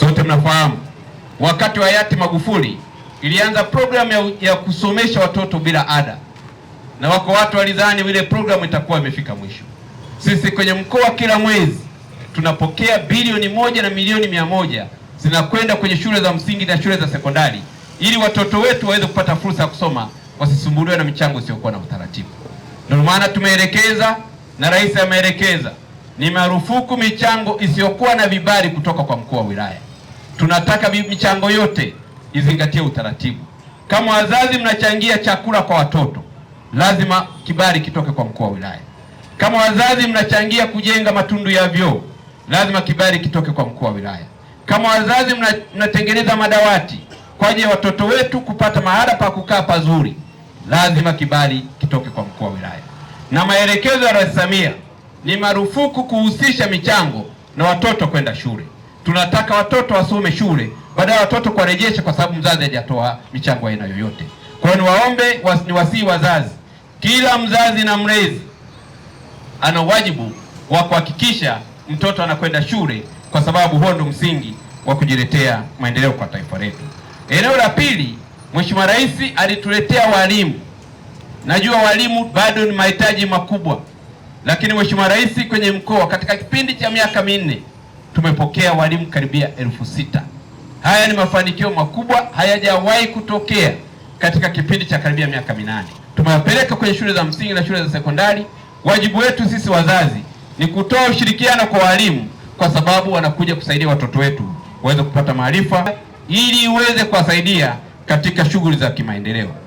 Sote mnafahamu wakati wa hayati Magufuli ilianza programu ya, ya kusomesha watoto bila ada, na wako watu walidhani ile programu itakuwa imefika mwisho. Sisi kwenye mkoa kila mwezi tunapokea bilioni moja na milioni mia moja zinakwenda kwenye shule za msingi na shule za sekondari ili watoto wetu waweze kupata fursa ya kusoma, wasisumbuliwe na michango isiyokuwa na utaratibu. Ndio maana tumeelekeza na rais ameelekeza, ni marufuku michango isiyokuwa na vibali kutoka kwa mkuu wa wilaya. Tunataka michango yote izingatie utaratibu. Kama wazazi mnachangia chakula kwa watoto, lazima kibali kitoke kwa mkuu wa wilaya. Kama wazazi mnachangia kujenga matundu ya vyoo, lazima kibali kitoke kwa mkuu wa wilaya. Kama wazazi mnatengeneza madawati kwa ajili ya watoto wetu kupata mahala pa kukaa pazuri, lazima kibali kitoke kwa mkuu wa wilaya. Na maelekezo ya Rais Samia ni marufuku kuhusisha michango na watoto kwenda shule tunataka watoto wasome shule, badala watoto kuwarejesha kwa sababu mzazi hajatoa michango aina yoyote. Kwa hiyo niwaombe, niwasihi wazazi, kila mzazi na mlezi ana wajibu wa kuhakikisha mtoto anakwenda shule, kwa sababu huo ndo msingi wa kujiletea maendeleo kwa taifa letu. Eneo la pili, Mheshimiwa Rais alituletea walimu. Najua walimu bado ni mahitaji makubwa, lakini Mheshimiwa Rais kwenye mkoa katika kipindi cha miaka minne tumepokea walimu karibia elfu sita. Haya ni mafanikio makubwa, hayajawahi kutokea katika kipindi cha karibia miaka minane. Tumewapeleka kwenye shule za msingi na shule za sekondari. Wajibu wetu sisi wazazi ni kutoa ushirikiano kwa walimu, kwa sababu wanakuja kusaidia watoto wetu waweze kupata maarifa ili iweze kuwasaidia katika shughuli za kimaendeleo.